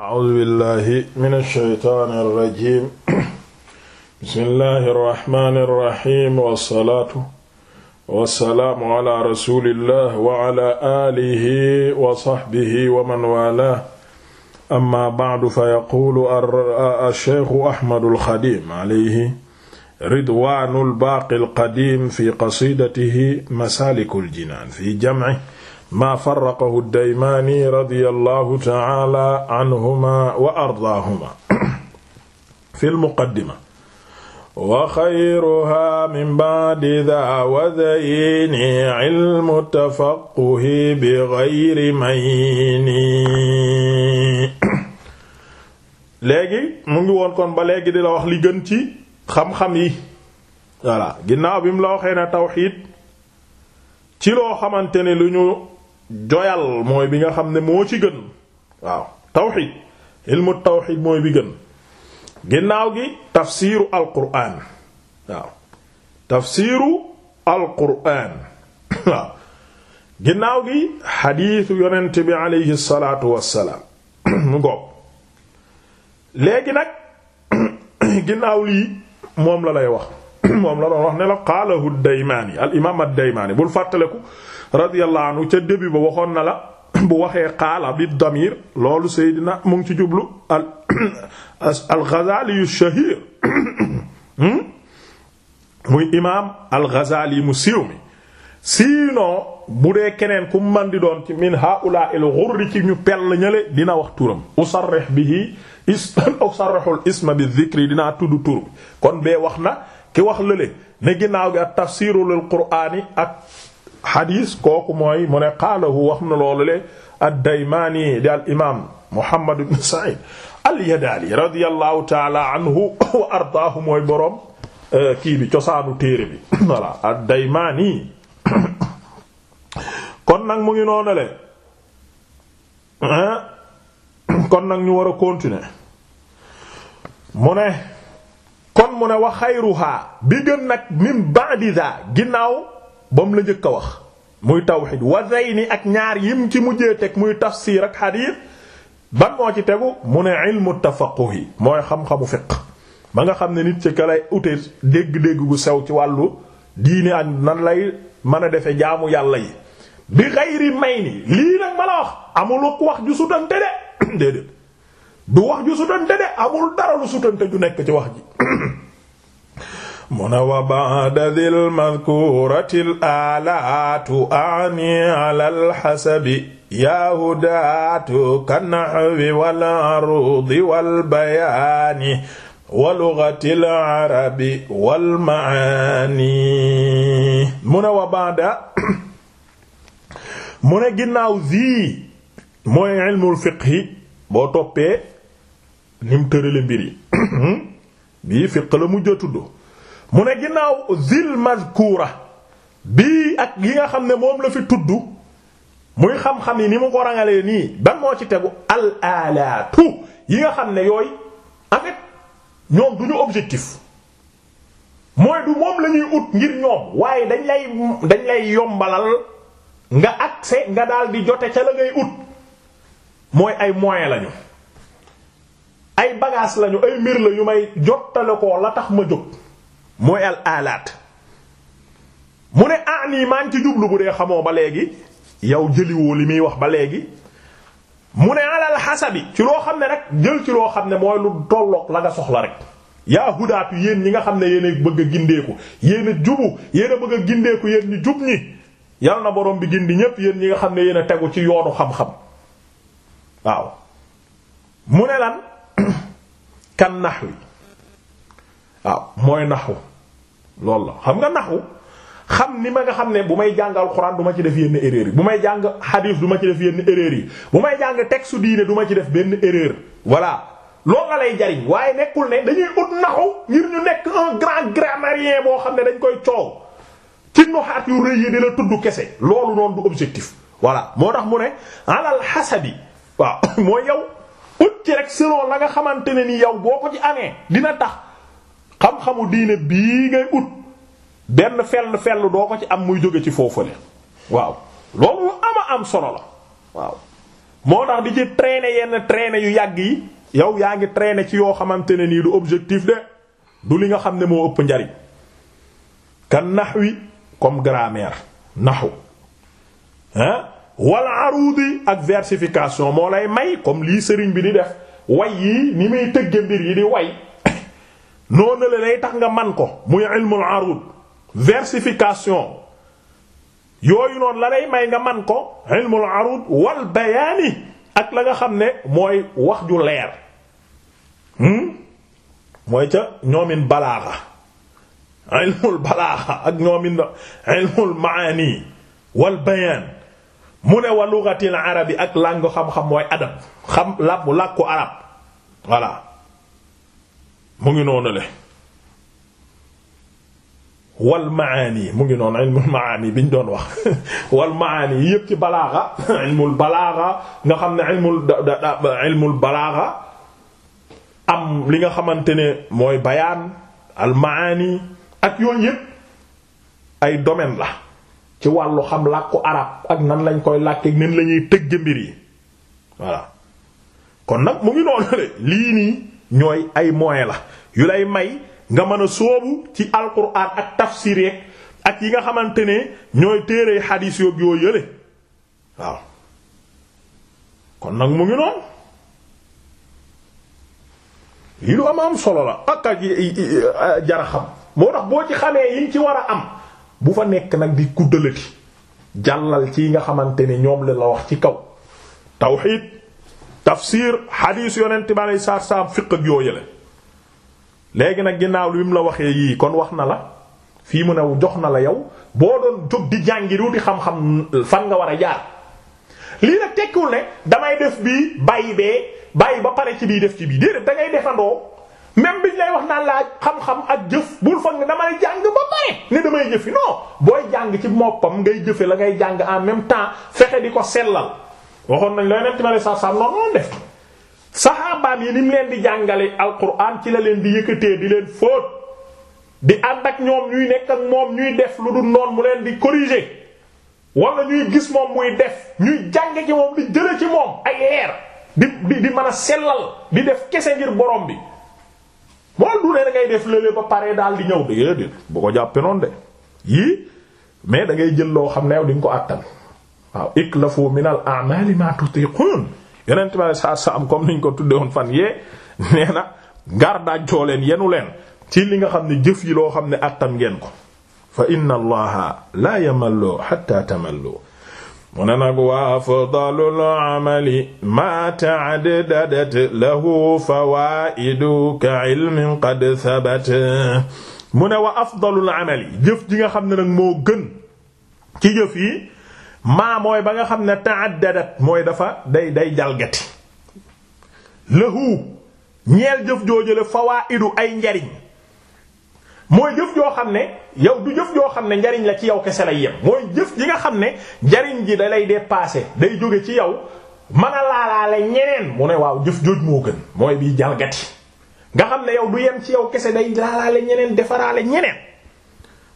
A'uuzu billaahi mina shaytaani rajiim bismillaahi rahmaani rahiim wasalaatu wasalaamu ala rasuulillah wa ala aalihi wa sahbihi wa man waalaah amma ba'du fa yaquulu ash-shaykhu Ahmadul Xadiim alayhi ridwaanul baaqil qadiim fi qasiidatihi masaalikul jinaan fi jamcihi maa farraqahu daymaani radiyallahu ta'ala anhuma wa ardaahuma fil muqaddima wa xayruha min ba'di daa wa dayni ilmu bi xayri mayni léegi mu ngi woon kon ba léegi di la wax li ci xam-xam yi voilà ginnaaw bi la waxee ne tawxiid ci loo xamante ne lu ñu joyal mooy bi nga xam ne moo ci gën waaw tawxid ilmu tawxid mooy bi gën ginnaaw gi tafsiru alquraan waaw tafsiru alquraan ginnaaw gi xadiisu yonent bi aleyhi salaatu wassalaam mu léegi nag ginnaaw lii moom la lay wax moom la doon wax ne la qaalahu Daymaani al imaam bul fàttaleku radiyallahu anhu ca début ba waxoon na la bu waxee qaala bi damir loolu Seydina mu ngi ci jublu al al Ghazali ash muy imaam al Ghazali mu siiw mi sinon bu dee keneen ku man di doon ci min haula il ghurri ci ñu pell ñële dina wax turam usarrih bihi is usarrihul isma bi dhikri dinaa tudd tur kon bee wax na ki wax lële ne ginnaaw gi ak tafsirul qur'ani ak xadiis kooku mooy mu ne qaalahu wax na loolu le ad-Daymaani di Muhammad ibn Sa'iid al-Yadaali radiyallahu anhu wa ardaahu mooy boroom euh, kii bi cosaanu téere bi voilà ad kon nag mu ngi noonu le kon nag ñu war a continuer mu ne kon mu ne wa xayruha bi gën nag min ba'di daa ginnaaw ba mu la njëkk a wax muy tawxid wa ni ak ñaar yim ci mujjee teg muy tafsir ak xadiis ban moo ci tegu mu ne ilmu yi mooy xam-xamu fiq ba nga xam ne nit ci ka lay ute dégg-dégg gu sew ci wàllu diine ak lay mën a defe jaamu yàlla yi bi xayri may ni ma la wax amul wax ju sutante de déedéet du wax ju sutante de amul dara lu sutante ju nekk ci wax ji mu ne wa ba'da dhil madhkurati al-alaatu ani ala al-hasabi yaa hudaatu kan-nahwi wal-arudi wal-bayaani wa lughati al-arabi wal-ma'aani mu ne wa ba'da mu ne ginnaaw zii mooy ilmul fiqhi boo toppee nim tërale mbir yi bii fiq la mujj a tudd mu ne ginnaaw zil mazkura bii ak yi nga xam ne moom la fi tudd muy xam-xam yi ni mu ko rangalee nii ban moo ci tegu al alaatu yi nga xam ne yooyu en fait ñoom du ñu objectif mooy du moom la ñuy ut ngir ñoom waaye dañ lay dañ lay yombalal nga accès nga daal di jote ca la ngay ut mooy ay moyen lañu ay bagage lañu ay mbir la ñu may jottale ko la tax ma jóg mooy al alaat mu ne ani ah maa ngi ci jublu bu dee xamoo ba léegi yow jëliwoo li muy wax ba léegi mu ne alal xasabi ci loo xam ne rek jël ci loo xam ne mooy lu tolloog la nga soxla rek yaa hudaatu yéen ñi nga xam ne yéen bëgg a gindeeku yéen a jubu bëgg gindeeku yéen ñu jub ñi yal na borom bi gindi ñépp yéen ñi nga xam ne yéen a tegu ci yoonu xam-xam waaw mu ne lan kan naxwi waaw mooy naxu loolu la xam nga naxu xam ni ma nga xam ne bu may jàng alxuraan du ma ci def yenn erreur yi bu may jàng xadiis du ma ci def yenn erreur yi bu may jàng texte diine du ma ci def benn erreur voilà loo nga lay jariñ waaye nekkul ne dañuy ut naxu ngir ñu nekk un grand grammairien boo xam ne dañ koy coow ci nuxaat yu rëy dina tudd kese loolu noonu du objectif voilà moo tax mu ne alal xasabi waaw mooy yow ut ci rek selon la nga xamante ne ni yow boo ko ci amee dina tax xam-xamu diine bii ngay ut benn fell fell doo ko ci am muy jóge ci foofale waaw loolu lu ama am solo la waaw moo tax di ci traîner yenn traîner yu yàgg yi yow yaa ngi traîner ci yoo xamante ne nii du objectif de du li nga xam ne moo ëpp njariñ kan nahwi comme grammaire naxu ah wala arudi ak versification moo lay may comme lii sëriñ bi di def way yii ni muy tëgge mbir yi di way noonu la lay tax nga man ko muy ilmul arud versification yooyu noonu la lay may nga man ko ilmul arud wal bayaani ak la nga xam ne mooy wax ju leer hmm? mooy ca ñoomin balaaxa ilmul balaaxa ak ñoomin mu ne wa lughatil ak langue xam-xam mooy arab voilà mu ngi noonu le wal maani mu ngi noonu ilmul doon wax wal maani yëpp ci balaaxa ilmul balaaxa nga xam ne ilmul balaaxa am li nga xamante ne mooy bayaan al ak yooyu yépp ay domaine la ci wàllu xam làkku arab ak nan lañ koy làkkeek nan lañuy tëgg mbir yi voilà kon nag mu ngi noonu le lii nii ñooy ay moyen la yu lay may nga mën a sóobu ci alquran ak tafsir ak yi nga xamante ne ñooy téere xadiis yoog yoo yële waaw kon nag mu ngi noonu lii lu am am solo la ak ak jara xam moo tax boo ci xamee yi ci war a am bu fa nekk nag di kuddalati jàllal ci nga xamante ne ñoom la la wax ci kaw tawxiid tafsir xadiis yonent bi aleyhi salaatu salaam fiq ak yoo yële léegi nag ginnaaw li mu la waxee yii kon wax na la fii mu ne jox na la yow boo doon jóg di jàngiru di xam-xam fan nga war a jaar lii nag tekkiwul ne damay def bii bàyyi bee bàyyi ba pare ci bii def ci bii déedéet da ngay defandoo même biñ lay wax naan la xam-xam ak jëf bul fan nga damay jàng ba pare ne damay jëfi non booy jàng ci moppam ngay jëfe la ngay jàng en même temps fexe di ko sellal waxoon nañ la yonent ma ne sax sax noonu noonu def saxaabaam yi ni mu leen di jàngale alquran ci la leen di yëkkatee di leen fóot di ànd ak ñoom ñuy nekk ak moom ñuy def lu dul noonu mu leen di corriger wala ñuy gis moom muy def ñuy jàng ci moom di jële ci moom ay leer di di di mën a sellal di def kese ngir borom bi moom du ne ngay def lële ba pare daal di ñëw de bu ko jàppee noonu de yii mais da ngay jël loo xam ne yow di ko àttan. waaw iklafu minal a'mali ma tutiqun yonent bi saa saa am comme niñ ko tuddee woon fan yee nee na gardaajoo yenu leen ci li nga xam ne jëf yi loo xam ne attan ngeen ko fa inna allaha la yamallu hatta tamallu mu ne nag wa afdalul amali ma ta'addadat lahu fawaidu ka ilmin qad thabat mu ne wa afdalul amali jëf ji nga xam ne nag moo gën ci jëf yi maa ba nga xam ne ta'addadat mooy dafa day day jalgati lahu ñeel jëf joojale fawaa'idu ay njariñ mooy jëf joo xam ne yow du jëf joo xam ne njariñ la ci yow kese lay yem mooy jëf ji nga xam ne njariñ ji dalay lay dépasser day jóge ci yow mën a laalaale ñeneen mu ne waaw jëf jooj moo gën mooy bii jalgati nga xam ne yow du yem ci yow kese day laalaale ñeneen defaraale ñeneen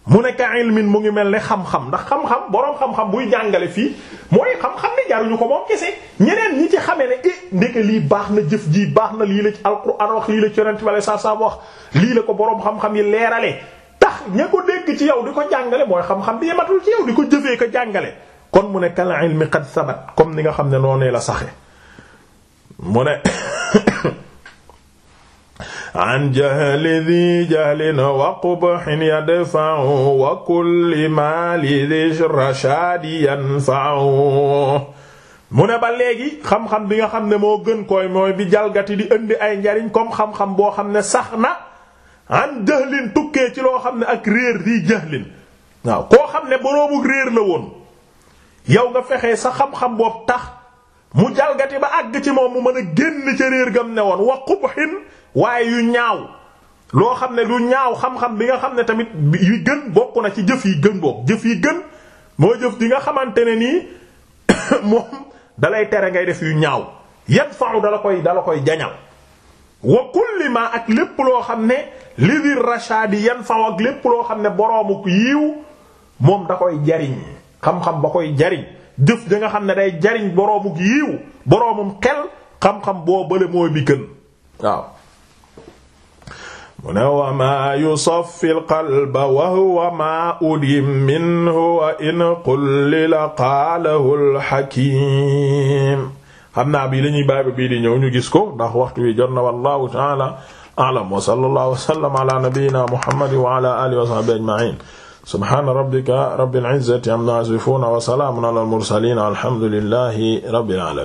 mu ne ka ilmin mu ngi mel ne xam-xam ndax xam-xam boroom xam-xam buy jàngale fii mooy xam-xam ni jaruñu ko moom kese ñeneen ñi ci xamee ne eh ndeke lii baax na jëf ji baax na lii la ci alxuraan wax lii la ci yonent saa saa wax lii la ko boroom xam-xam yi leerale tax ña ko dégg ci yow di ko jàngale mooy xam-xam bi yematul ci yow di ko jëfee ko jàngale kon mu ne kal ilmi qad sabat comme ni nga xam ne noonee la saxe mu ne an jahli dhi jahlin wa qubhin yadfa'u wa kulli mali dhi rashadi yanfa'u mu ne ba léegi xam-xam bi nga xam ne moo gën koy mooy bi jalgati di indi ay njariñ comme xam-xam boo xam ne sax na an jahlin tukkee ci loo xam ne ak réer di jahlin waaw koo xam ne boroomu réer la woon yow nga fexe sa xam-xam boobu tax mu jalgati ba àgg ci moom mu mën a génn ci réer gam ne woon wa qubhin waaye yu ñaaw loo xam ne lu ñaaw xam-xam bi nga xam ne tamit yu gën bokk na ci jëf yi gën bokk jëf yi gën moo jëf di nga xamante ne nii moom dalay tere ngay def yu ñaaw yadfa'u dala koy dala koy jañal wa kulli ma ak lépp loo xam ne li di rashadi yanfa'u ak lépp loo xam ne boroomu yiiw moom da koy jariñ xam-xam ba koy jariñ jëf da nga xam ne day jariñ boroomuk yiiw boroomum xel xam-xam boo bële mooy bi gën waaw mu ne wa ma yusaffi alqalba wa huwa ma udim minhu wa in qullila qaalahu alxakim xam naa bii la ñuy bàyyi ba bii di ñëw ñu gis ko ndax waxtu wi jot na wallahu ta'ala a'lam wa sallallahu wa sallam ala nabiyyina muhammadin wa ala alihi wa sahbihi ajma'in subhaana rabbika rabbil izzati amma yasifun wa salaamun alal mursaliin alhamdulillahi rabbil aalamiin